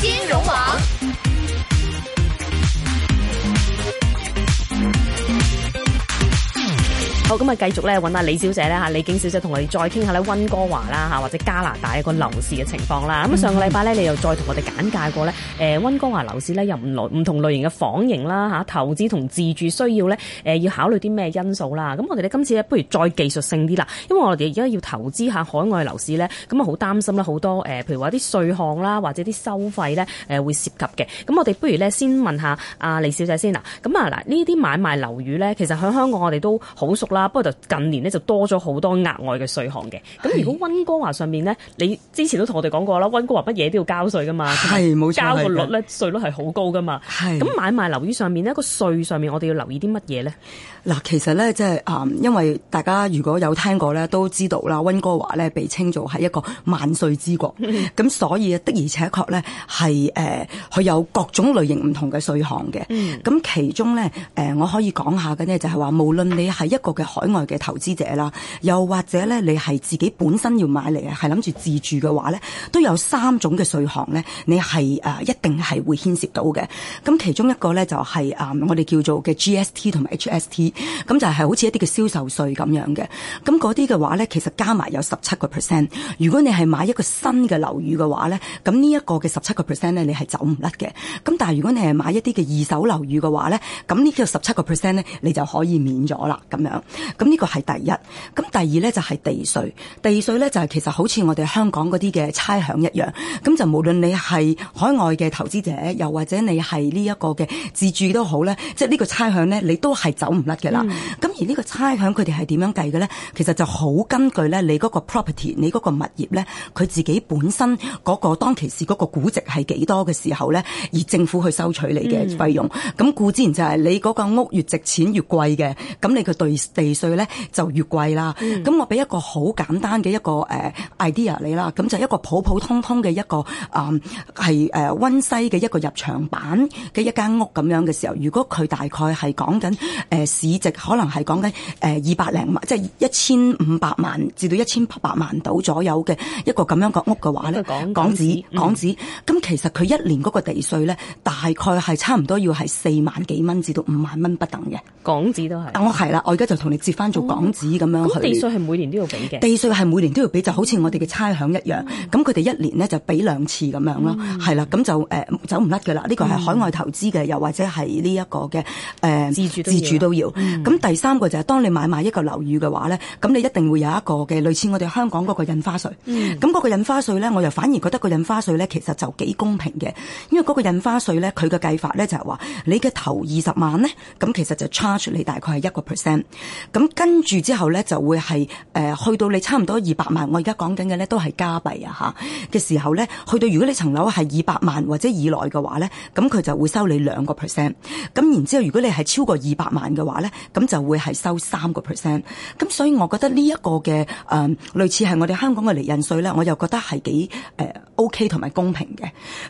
金融網。好咁啊！繼續咧揾下李小姐咧嚇，李璟小姐同我哋再傾下咧溫哥華啦嚇，或者加拿大一個樓市嘅情況啦。咁、嗯、啊、嗯，上個禮拜咧，你又再同我哋簡介過咧誒溫哥華樓市咧，又唔類唔同類型嘅房型啦嚇，投資同自住需要咧誒要考慮啲咩因素啦？咁我哋咧今次咧不如再技術性啲啦，因為我哋而家要投資下海外樓市咧，咁啊好擔心啦好多誒，譬如話啲稅項啦，或者啲收費咧誒會涉及嘅。咁我哋不如咧先問下阿李小姐先啦。咁啊嗱，呢啲買賣樓宇咧，其實喺香港我哋都好熟啦。啊！不過就近年咧，就多咗好多額外嘅稅項嘅。咁如果温哥華上面咧，你之前都同我哋講過啦，温哥華乜嘢都要交稅噶嘛，係冇錯，交個率咧，稅率係好高噶嘛。係。咁買賣樓宇上面呢，個稅上面我哋要留意啲乜嘢咧？嗱，其實咧，即係啊，因為大家如果有聽過咧，都知道啦，温哥華咧被稱做係一個萬稅之國。咁 所以的而且確咧係誒，佢、呃、有各種類型唔同嘅稅項嘅。咁 其中咧誒、呃，我可以講下嘅呢，就係、係、話，無論你係一個嘅海外嘅投資者啦，又或者咧，你係自己本身要買嚟，係諗住自住嘅話咧，都有三種嘅稅項咧，你係誒一定係會牽涉到嘅。咁其中一個咧就係誒我哋叫做嘅 GST 同埋 HST，咁就係好似一啲嘅銷售稅咁樣嘅。咁嗰啲嘅話咧，其實加埋有十七個 percent。如果你係買一個新嘅樓宇嘅話咧，咁呢一個嘅十七個 percent 咧，你係走唔甩嘅。咁但係如果你係買一啲嘅二手樓宇嘅話咧，咁呢個十七個 percent 咧，你就可以免咗啦咁樣。咁呢個係第一，咁第二呢就係地稅，地稅呢就係其實好似我哋香港嗰啲嘅差餉一樣，咁就無論你係海外嘅投資者，又或者你係呢一個嘅自住都好呢，即係呢個差餉呢，你都係走唔甩嘅啦。嗯而呢個差餉佢哋係點樣計嘅咧？其實就好根據咧，你嗰個 property，你嗰個物業咧，佢自己本身、嗰個當其時嗰個估值係幾多嘅時候咧，而政府去收取你嘅費用。咁故之然就係你嗰個屋越值錢越貴嘅，咁你個對地稅咧就越貴啦。咁、嗯、我俾一個好簡單嘅一個誒 idea 你啦，咁就是一個普普通通嘅一個啊係誒溫西嘅一個入場版嘅一間屋咁樣嘅時候，如果佢大概係講緊誒市值可能係。講緊誒二百零萬，即係一千五百萬至到一千八百萬度左右嘅一個咁樣嘅屋嘅個屋嘅話咧，港紙港紙，咁、嗯、其實佢一年嗰個地稅咧，大概係差唔多要係四萬幾蚊至到五萬蚊不等嘅，港紙都係。我係啦，我而家就同你接翻做港紙咁樣、哦、地稅係每年都要俾嘅。地稅係每年都要俾，就好似我哋嘅差餉一樣。咁佢哋一年咧就俾兩次咁樣咯，係、嗯、啦。咁就誒走唔甩㗎啦。呢、呃這個係海外投資嘅，又或者係呢一個嘅誒、呃、自，自住都要。嗯、自住都要。咁、嗯、第三。就係當你買賣一個樓宇嘅話咧，咁你一定會有一個嘅類似我哋香港嗰個印花稅。咁、mm. 嗰個印花稅咧，我又反而覺得個印花稅咧，其實就幾公平嘅，因為嗰個印花稅咧，佢嘅計法咧就係話你嘅頭二十萬咧，咁其實就 charge 你大概係一個 percent。咁跟住之後咧，就會係誒、呃、去到你差唔多二百萬，我而家講緊嘅咧都係加幣啊嚇嘅時候咧，去到如果你層樓係二百萬或者以內嘅話咧，咁佢就會收你兩個 percent。咁然之後，如果你係超過二百萬嘅話咧，咁就會。係收三個 percent，咁所以我覺得呢一個嘅誒、呃、類似係我哋香港嘅利潤稅咧，我又覺得係幾誒。呃 OK 同埋公平嘅，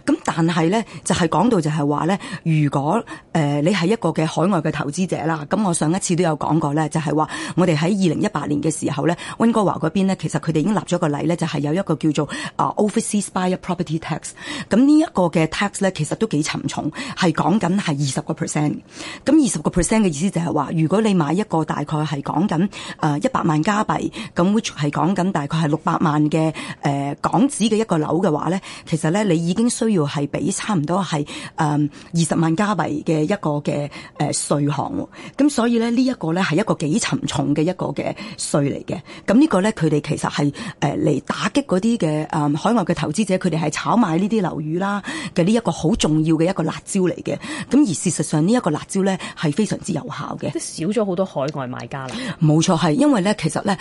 咁但係咧就係、是、講到就係話咧，如果誒、呃、你係一個嘅海外嘅投資者啦，咁我上一次都有講過咧，就係話我哋喺二零一八年嘅時候咧，溫哥華嗰邊咧，其實佢哋已經立咗個例咧，就係、是、有一個叫做啊 Overseas Buyer Property Tax，咁呢一個嘅 tax 咧，其實都幾沉重，係講緊係二十個 percent，咁二十個 percent 嘅意思就係話，如果你買一個大概係講緊誒一百萬加幣，咁會係講緊大概係六百萬嘅誒、呃、港紙嘅一個樓嘅話。話咧，其實咧，你已經需要係俾差唔多係二十萬加幣嘅一個嘅誒稅項，咁所以咧呢一個咧係一個幾沉重嘅一個嘅稅嚟嘅。咁呢個咧，佢哋其實係嚟打擊嗰啲嘅海外嘅投資者，佢哋係炒賣呢啲樓宇啦嘅呢一個好重要嘅一個辣招嚟嘅。咁而事實上呢一個辣招咧係非常之有效嘅，即少咗好多海外買家啦。冇錯係，因為咧其實咧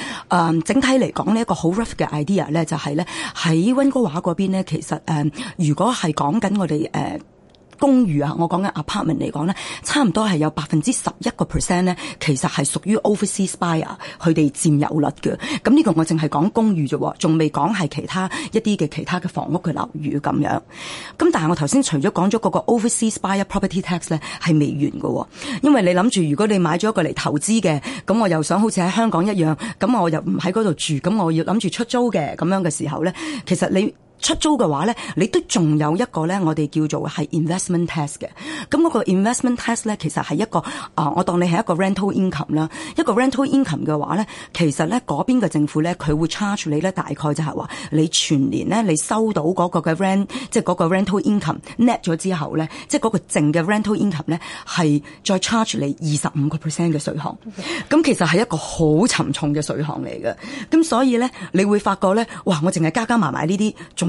整體嚟講呢一個好 rough 嘅 idea 咧就係咧喺溫哥華嗰邊。其實誒、呃，如果係講緊我哋誒、呃、公寓啊，我講緊 apartment 嚟講咧，差唔多係有百分之十一個 percent 咧，其實係屬於 Overseas Buyer 佢哋佔有率嘅。咁呢個我淨係講公寓啫喎，仲未講係其他一啲嘅其他嘅房屋嘅樓宇咁樣。咁但係我頭先除咗講咗嗰個 Overseas Buyer Property Tax 咧，係未完㗎喎。因為你諗住如果你買咗一個嚟投資嘅，咁我又想好似喺香港一樣，咁我又唔喺嗰度住，咁我要諗住出租嘅咁樣嘅時候咧，其實你。出租嘅話咧，你都仲有一個咧，我哋叫做係 investment test 嘅。咁嗰個 investment test 咧，其實係一個啊，我當你係一個 rental income 啦。一個 rental income 嘅話咧，其實咧嗰邊嘅政府咧，佢會 charge 你咧，大概就係話你全年咧，你收到嗰個嘅 rent，即係嗰個 rental income net 咗之後咧，即係嗰個淨嘅 rental income 咧，係再 charge 你二十五個 percent 嘅稅項。咁其實係一個好沉重嘅稅項嚟嘅。咁所以咧，你會發覺咧，哇！我淨係加加埋埋呢啲，仲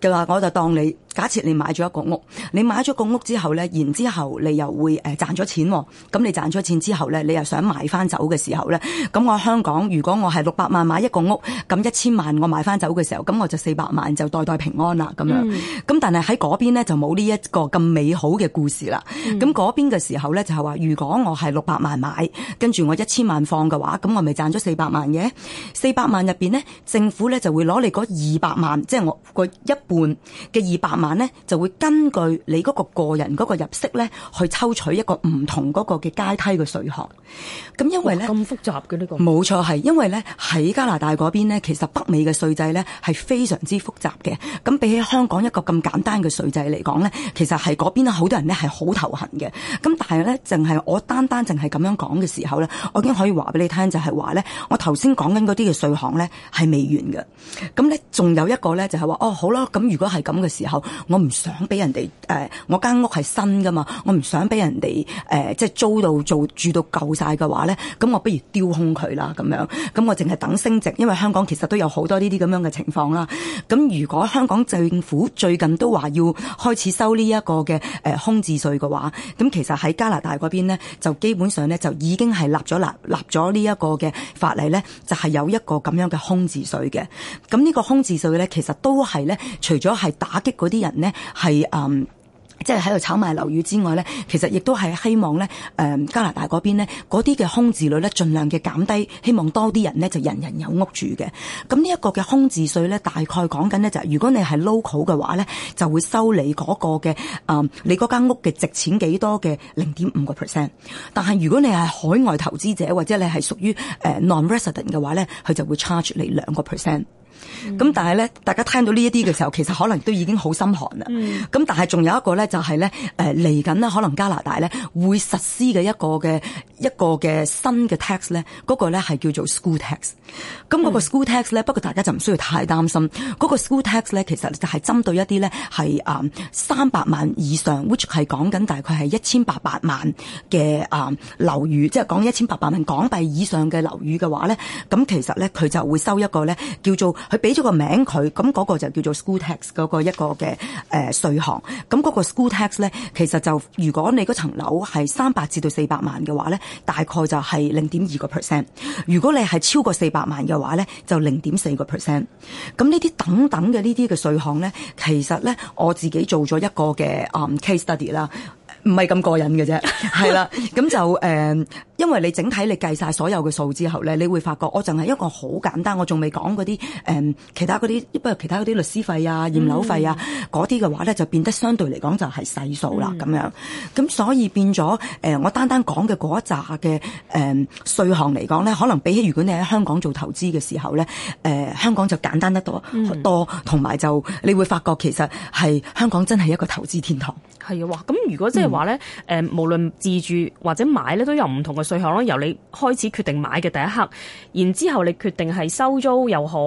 就話我就當你假設你買咗一個屋，你買咗個屋之後呢，然之後你又會誒賺咗錢，咁你賺咗錢之後呢，你又想賣翻走嘅時候呢。咁我香港如果我係六百萬買一個屋，咁一千萬我賣翻走嘅時候，咁我就四百萬就代代平安啦咁、mm. 樣。咁但係喺嗰邊呢，就冇呢一個咁美好嘅故事啦。咁嗰邊嘅時候呢，就係話，如果我係六百萬買，跟住我一千萬放嘅話，咁我咪賺咗四百萬嘅？四百萬入邊呢，政府呢就會攞你嗰二百萬，即係我個。一半嘅二百萬咧，就會根據你嗰個個人嗰個入息咧，去抽取一個唔同嗰個嘅階梯嘅稅項。咁因為咧，咁複雜嘅呢個，冇錯係，因為咧喺加拿大嗰邊咧，其實北美嘅稅制咧係非常之複雜嘅。咁比起香港一個咁簡單嘅稅制嚟講咧，其實係嗰邊咧好多人咧係好頭痕嘅。咁但係咧，淨係我單單淨係咁樣講嘅時候咧，我已經可以話俾你聽，就係話咧，我頭先講緊嗰啲嘅稅項咧係未完嘅。咁咧仲有一個咧就係話，哦好咁、哦、如果係咁嘅時候，我唔想俾人哋，誒、呃，我間屋係新噶嘛，我唔想俾人哋，誒、呃，即係租到做住到夠晒嘅話咧，咁我不如丟空佢啦，咁樣，咁我淨係等升值，因為香港其實都有好多呢啲咁樣嘅情況啦。咁如果香港政府最近都話要開始收呢一個嘅，誒，空置稅嘅話，咁其實喺加拿大嗰邊咧，就基本上咧就已經係立咗立立咗呢一個嘅法例咧，就係、是、有一個咁樣嘅空置稅嘅。咁呢個空置稅咧，其實都係咧。除咗係打擊嗰啲人呢，係嗯，即係喺度炒賣樓宇之外呢，其實亦都係希望呢誒、嗯、加拿大嗰邊呢，嗰啲嘅空置率呢，盡量嘅減低，希望多啲人呢就人人有屋住嘅。咁呢一個嘅空置稅呢，大概講緊呢，就係，如果你係 local 嘅話呢，就會收你嗰個嘅，嗯，你嗰間屋嘅值錢幾多嘅零點五個 percent。但係如果你係海外投資者或者你係屬於誒 nonresident 嘅話呢，佢就會 charge 你兩個 percent。咁、嗯、但係咧，大家聽到呢一啲嘅時候，其實可能都已經好心寒啦。咁、嗯、但係仲有一個咧，就係咧，誒嚟緊呢，可能加拿大咧會實施嘅一個嘅一個嘅新嘅 tax 咧，嗰個咧係叫做 school tax。咁嗰個 school tax 咧、嗯，不過大家就唔需要太擔心。嗰、嗰個 school tax 咧，其實就係針對一啲咧係啊三百萬以上、嗯、，which 係講緊大概係一千八百萬嘅啊樓宇，即係講一千八百萬港幣以上嘅樓宇嘅話咧，咁其實咧佢就會收一個咧叫做。佢俾咗個名佢，咁嗰個就叫做 school tax 嗰個一個嘅誒稅項。咁嗰個 school tax 咧，其實就如果你嗰層樓係三百至到四百萬嘅話咧，大概就係零點二個 percent。如果你係超過四百萬嘅話咧，就零點四個 percent。咁呢啲等等嘅呢啲嘅稅項咧，其實咧我自己做咗一個嘅、um, case study 啦，唔係咁過癮嘅啫，係 啦，咁就誒。Uh, 因為你整體你計曬所有嘅數之後咧，你會發覺我淨係一個好簡單，我仲未講嗰啲其他嗰啲，不如其他嗰啲律師費啊、驗樓費啊嗰啲嘅話咧，就變得相對嚟講就係細數啦咁、嗯、樣。咁所以變咗、呃、我單單、呃、講嘅嗰一紮嘅誒稅項嚟講咧，可能比起如果你喺香港做投資嘅時候咧、呃，香港就簡單得多、嗯、多，同埋就你會發覺其實係香港真係一個投資天堂。係啊，哇！咁如果即係話咧，無論自住或者買咧，都有唔同嘅。稅項咯，由你開始決定買嘅第一刻，然之後你決定係收租又好，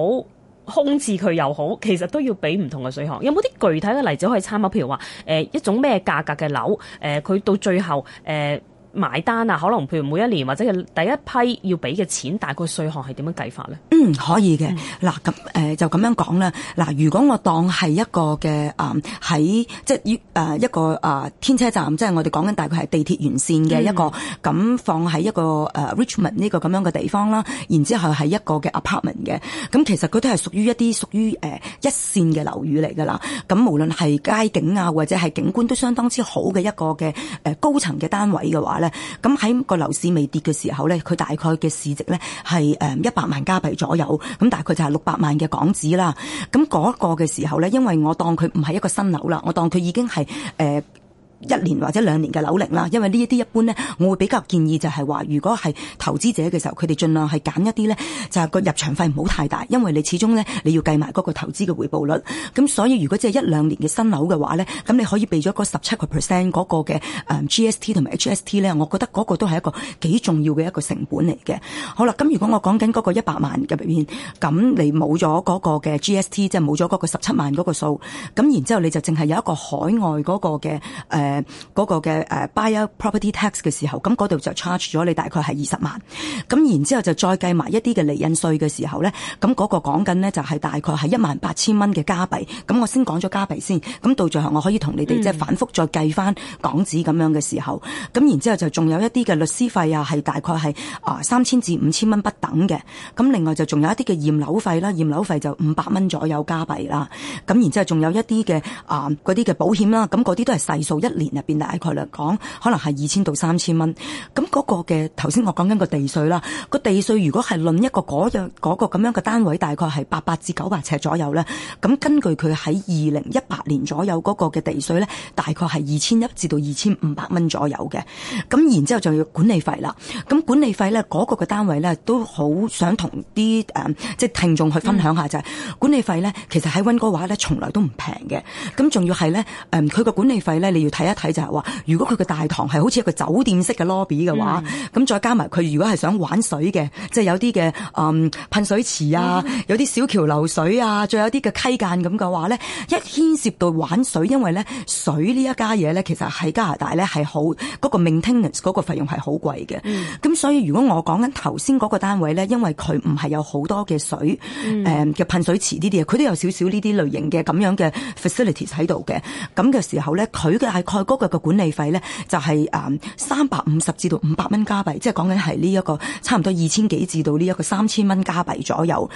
空置佢又好，其實都要俾唔同嘅稅項。有冇啲具體嘅例子可以參考？譬如話，誒、呃、一種咩價格嘅樓，誒、呃、佢到最後，誒、呃。買單啊，可能譬如每一年或者係第一批要俾嘅錢，大概稅項係點樣計法咧？嗯，可以嘅。嗱，咁誒就咁樣講啦。嗱，如果我當係一個嘅誒喺即係一誒一個誒天車站，即係我哋講緊大概係地鐵沿線嘅、嗯、一個咁放喺一個誒、啊、Richmond 呢個咁樣嘅地方啦。然之後係一個嘅 apartment 嘅，咁其實佢都係屬於一啲屬於誒一線嘅樓宇嚟噶啦。咁無論係街景啊或者係景觀都相當之好嘅一個嘅誒高層嘅單位嘅話。咁喺個樓市未跌嘅時候咧，佢大概嘅市值咧係誒一百萬加幣左右，咁大概就係六百萬嘅港紙啦。咁嗰個嘅時候咧，因為我當佢唔係一個新樓啦，我當佢已經係誒。呃一年或者兩年嘅樓齡啦，因為呢一啲一般咧，我會比較建議就係話，如果係投資者嘅時候，佢哋儘量係揀一啲咧，就係個入場費唔好太大，因為你始終咧你要計埋嗰個投資嘅回報率。咁所以如果即係一兩年嘅新樓嘅話咧，咁你可以避咗嗰十七個 percent 嗰個嘅 GST 同埋 HST 咧，我覺得嗰個都係一個幾重要嘅一個成本嚟嘅。好啦，咁如果我講緊嗰個一百萬入面，咁你冇咗嗰個嘅 GST，即係冇咗嗰個十七萬嗰個數，咁然之後你就淨係有一個海外嗰個嘅誒、那個，個嘅、uh, 誒 buyer property tax 嘅時候，咁嗰度就 charge 咗你大概係二十萬，咁然之後就再計埋一啲嘅厘印稅嘅時候咧，咁嗰個講緊咧就係大概係一萬八千蚊嘅加幣，咁我先講咗加幣先，咁到最後我可以同你哋，嗯、即係反覆再計翻港紙咁樣嘅時候，咁然之後就仲有一啲嘅律師費啊，係大概係啊三千至五千蚊不等嘅，咁另外就仲有一啲嘅驗樓費啦，驗樓費就五百蚊左右加幣啦，咁然之後仲有一啲嘅啊嗰啲嘅保險啦，咁啲都係細數一。年入邊大概嚟講，可能係二千到三千蚊。咁嗰個嘅頭先我講緊個地稅啦，個地稅如果係論一個嗰、嗰個嗰個、樣嗰個咁樣嘅單位，大概係八百至九百尺左右咧。咁根據佢喺二零一八年左右嗰個嘅地稅咧，大概係二千一至到二千五百蚊左右嘅。咁然之後就要管理費啦。咁管理費咧嗰個嘅單位咧，都好想同啲誒即係聽眾去分享下就係、嗯、管理費咧。其實喺溫哥華咧，從來都唔平嘅。咁仲要係咧誒，佢個管理費咧，你要睇一。一睇就係話，如果佢嘅大堂係好似一個酒店式嘅 lobby 嘅話，咁、mm. 再加埋佢如果係想玩水嘅，即、就、係、是、有啲嘅嗯噴水池啊，有啲小橋流水啊，仲有啲嘅溪澗咁嘅話咧，一牽涉到玩水，因為咧水呢一家嘢咧，其實喺加拿大咧係好嗰個 maintenance 嗰個費用係好貴嘅。咁、mm. 所以如果我講緊頭先嗰個單位咧，因為佢唔係有好多嘅水，誒、呃、嘅噴水池呢啲啊，佢都有少少呢啲類型嘅咁樣嘅 facilities 喺度嘅。咁嘅時候咧，佢嘅係。佢個嘅管理費咧，就係誒三百五十至到五百蚊加幣，即係講緊係呢一個差唔多二千幾至到呢一個三千蚊加幣左右。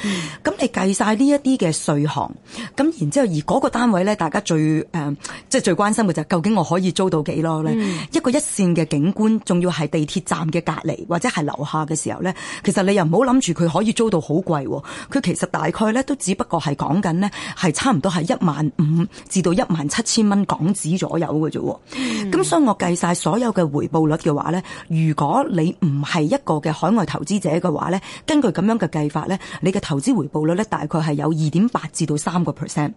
咁、嗯、你計晒呢一啲嘅稅項，咁然之後而嗰個單位咧，大家最誒即係最關心嘅就係究竟我可以租到幾多咧、嗯？一個一線嘅景觀，仲要係地鐵站嘅隔離或者係樓下嘅時候咧，其實你又唔好諗住佢可以租到好貴喎。佢其實大概咧都只不過係講緊呢，係差唔多係一萬五至到一萬七千蚊港紙左右嘅啫。咁、嗯、所以我計晒所有嘅回報率嘅話呢。如果你唔係一個嘅海外投資者嘅話呢，根據咁樣嘅計法呢，你嘅投資回報率呢，大概係有二點八至到三個 percent。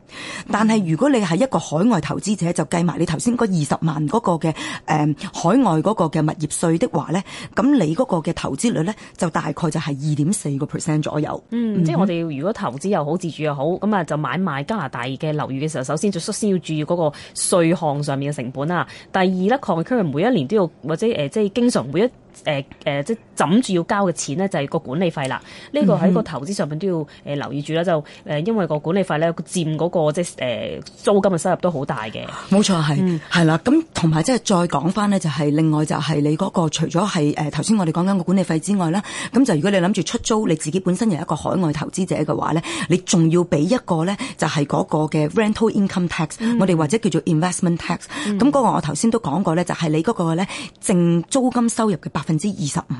但係如果你係一個海外投資者，就計埋你頭先嗰二十萬嗰個嘅誒、嗯、海外嗰個嘅物業稅的話呢，咁你嗰個嘅投資率呢，就大概就係二點四個 percent 左右。嗯，嗯即係我哋如果投資又好，自住又好，咁啊就買賣加拿大嘅樓宇嘅時候，首先就率先要注意嗰個稅項上面嘅成本。嗱，第二咧，礦區每一年都要，或者誒、呃，即係經常每一。誒、呃、誒、呃，即係枕住要交嘅錢咧，就係個管理費啦。呢、這個喺個投資上面都要誒留意住啦。就、嗯、誒，因為個管理費咧、那個，佔嗰個即係誒租金嘅收入都好大嘅。冇錯係，係啦。咁同埋即係再講翻咧，就係另外就係你嗰個除咗係誒頭先我哋講緊個管理費之外啦，咁就如果你諗住出租你自己本身係一個海外投資者嘅話咧，你仲要俾一個咧，就係嗰個嘅 rental income tax、嗯、我哋或者叫做 investment tax。咁嗰個我頭先都講過咧，就係你嗰個咧淨租金收入嘅。百分之二十五，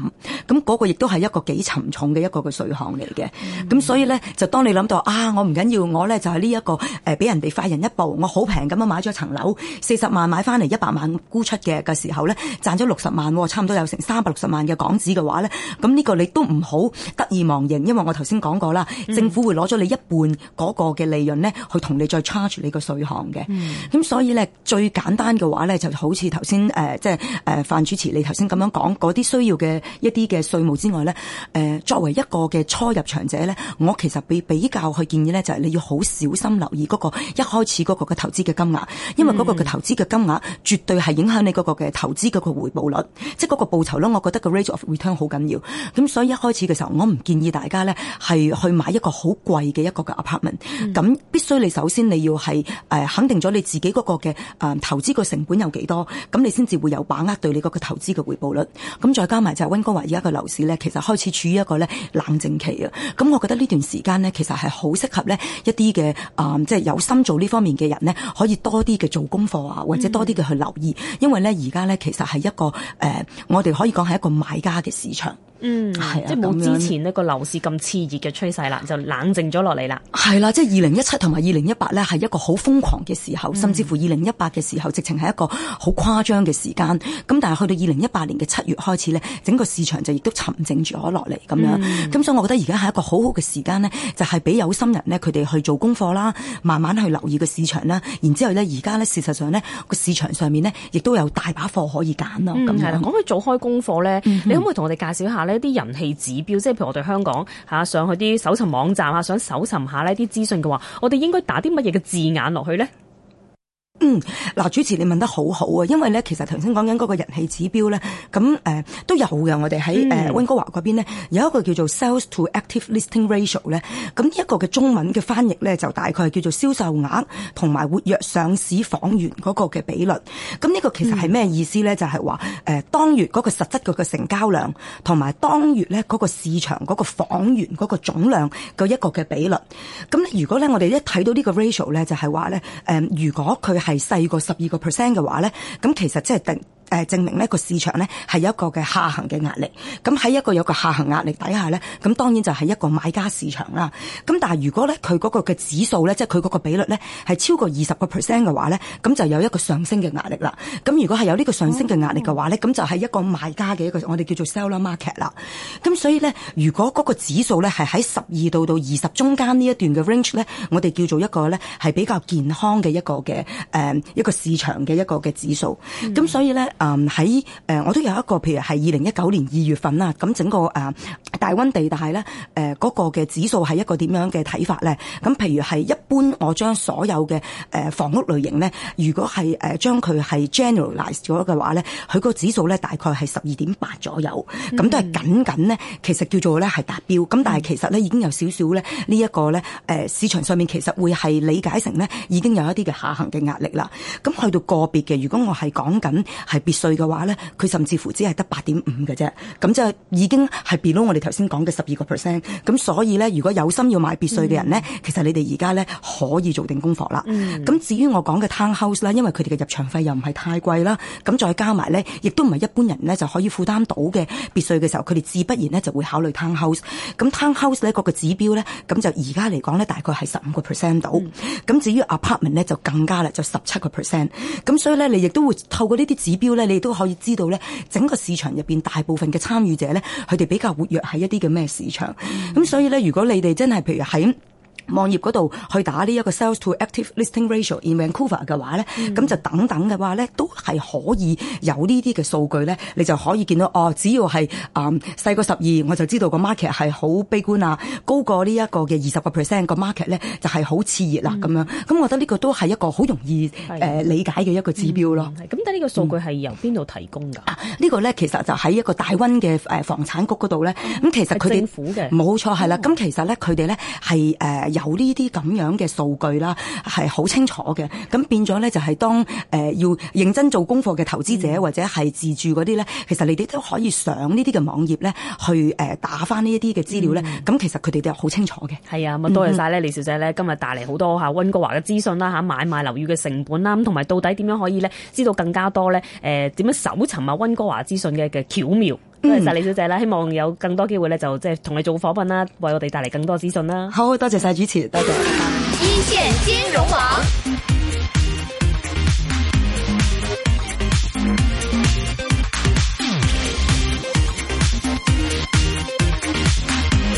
咁嗰個亦都係一個幾沉重嘅一個嘅稅項嚟嘅。咁、mm -hmm. 所以咧，就當你諗到啊，我唔緊要，我咧就係呢一個誒俾、呃、人哋快人一步，我好平咁樣買咗層層樓，四十萬買翻嚟一百萬沽出嘅嘅時候咧，賺咗六十萬，哦，差唔多有成三百六十萬嘅港紙嘅話咧，咁呢個你都唔好得意忘形，因為我頭先講過啦，mm -hmm. 政府會攞咗你一半嗰個嘅利潤咧，去同你再 charge 你個稅項嘅。咁、mm -hmm. 所以咧，最簡單嘅話咧，就好似頭先誒即係誒范主持你頭先咁樣講過。嗰啲需要嘅一啲嘅稅務之外咧，誒作為一個嘅初入場者咧，我其實比比較去建議咧，就係你要好小心留意嗰個一開始嗰個嘅投資嘅金額，因為嗰個嘅投資嘅金額絕對係影響你嗰個嘅投資嗰個回報率，mm. 即係嗰個報酬咯。我覺得個 rate of return 好緊要，咁所以一開始嘅時候，我唔建議大家咧係去買一個好貴嘅一個嘅 apartment，咁、mm. 必須你首先你要係誒肯定咗你自己嗰個嘅誒投資個成本有幾多，咁你先至會有把握對你嗰個投資嘅回報率。咁再加埋就係溫哥華而家嘅樓市咧，其實開始處於一個咧冷靜期啊。咁我覺得呢段時間咧，其實係好適合咧一啲嘅啊，即、嗯、係、就是、有心做呢方面嘅人咧，可以多啲嘅做功課啊，或者多啲嘅去留意，嗯、因為咧而家咧其實係一個誒、呃，我哋可以講係一個買家嘅市場。嗯，係啊，即係冇之前呢個樓市咁熾熱嘅趨勢啦，就冷靜咗落嚟啦。係啦、啊，即係二零一七同埋二零一八咧，係一個好瘋狂嘅時候，甚至乎二零一八嘅時候，直情係一個好誇張嘅時間。咁、嗯、但係去到二零一八年嘅七月。開始咧，整個市場就亦都沉靜咗落嚟咁樣。咁、嗯、所以，我覺得而家係一個好好嘅時間咧，就係、是、俾有心人咧，佢哋去做功課啦，慢慢去留意個市場啦。然之後咧，而家咧，事實上咧，個市場上面咧，亦都有大把貨可以揀啦。咁係啦，講起做開功課咧、嗯，你可唔可以同我哋介紹下呢啲人氣指標？即係譬如我哋香港上去啲搜尋網站啊，想搜尋下呢啲資訊嘅話，我哋應該打啲乜嘢嘅字眼落去咧？嗯，嗱，主持你問得好好啊，因為咧，其實頭先講緊個人氣指標咧，咁誒、呃、都有嘅。我哋喺誒溫哥華嗰邊咧，有一個叫做 sales to active listing ratio 咧，咁呢一個嘅中文嘅翻譯咧，就大概係叫做銷售額同埋活躍上市房源嗰個嘅比率。咁呢個其實係咩意思咧？就係話誒，當月嗰個實質嗰個成交量同埋當月咧個市場嗰個房源嗰個總量，嘅一個嘅比率。咁如果咧，我哋一睇到呢個 ratio 咧，就係話咧誒，如果佢係細過十二個 percent 嘅話咧，咁其實即係定。誒證明呢個市場咧係一個嘅下行嘅壓力。咁喺一個有個下行壓力底下咧，咁當然就係一個買家市場啦。咁但係如果咧佢嗰個嘅指數咧，即係佢嗰個比率咧係超過二十個 percent 嘅話咧，咁就有一個上升嘅壓力啦。咁如果係有呢個上升嘅壓力嘅話咧，咁就係一個賣家嘅一個我哋叫做 seller market 啦。咁所以咧，如果嗰個指數咧係喺十二度到二十中間呢一段嘅 range 咧，我哋叫做一個咧係比較健康嘅一個嘅誒一個市場嘅一個嘅指數。咁所以咧。嗯，喺誒，我都有一個，譬如係二零一九年二月份啦，咁整個誒大溫地帶，但係咧誒嗰個嘅指數係一個點樣嘅睇法咧？咁譬如係一般，我將所有嘅房屋類型咧，如果係將佢係 generalise 咗嘅話咧，佢個指數咧大概係十二點八左右，咁都係僅僅咧，其實叫做咧係達標。咁、mm. 但係其實咧已經有少少咧呢一個咧誒市場上面其實會係理解成咧已經有一啲嘅下行嘅壓力啦。咁去到個別嘅，如果我係講緊係。別墅嘅話咧，佢甚至乎只係得八點五嘅啫，咁就已經係變咗我哋頭先講嘅十二個 percent。咁所以咧，如果有心要買別墅嘅人咧、嗯，其實你哋而家咧可以做定功課啦。咁、嗯、至於我講嘅 town house 啦，因為佢哋嘅入場費又唔係太貴啦，咁再加埋咧，亦都唔係一般人咧就可以負擔到嘅別墅嘅時候，佢哋自不然咧就會考慮 town house。咁 town house 咧個個指標咧，咁就而家嚟講咧大概係十五個 percent 到。咁、嗯、至於 apartment 咧就更加啦，就十七個 percent。咁所以咧你亦都會透過呢啲指標你哋都可以知道咧，整個市場入邊大部分嘅參與者咧，佢哋比較活躍喺一啲嘅咩市場？咁所以咧，如果你哋真係譬如喺網頁嗰度去打呢一個 sales to active listing ratio in Vancouver 嘅話咧，咁、嗯、就等等嘅話咧，都係可以有呢啲嘅數據咧，你就可以見到哦。只要係啊細過十二，我就知道個 market 係好悲觀啊，高過呢一個嘅二十個 percent 個 market 咧，就係好熾熱啦咁樣。咁我覺得呢個都係一個好容易誒、呃、理解嘅一個指標咯。咁、嗯、但、嗯嗯嗯嗯啊這個、呢個數據係由邊度提供㗎？呢個咧其實就喺一個大温嘅誒房產局嗰度咧。咁、嗯、其實佢哋冇錯係啦。咁、嗯、其實咧佢哋咧係誒。有呢啲咁樣嘅數據啦，係好清楚嘅。咁變咗咧，就係當誒要認真做功課嘅投資者或者係自住嗰啲咧，其實你哋都可以上呢啲嘅網頁咧，去誒打返呢一啲嘅資料咧。咁、嗯、其實佢哋就好清楚嘅。係啊，咁多謝曬咧，李小姐咧，今日帶嚟好多嚇温哥華嘅資訊啦嚇買賣樓宇嘅成本啦，咁同埋到底點樣可以咧知道更加多咧？誒點樣搜尋啊温哥華資訊嘅嘅巧妙？多謝晒李小姐啦，嗯，希望有更多機會咧，就即係同你做夥伴啦，為我哋帶嚟更多資訊啦。好多謝晒主持，多謝。多謝多謝多謝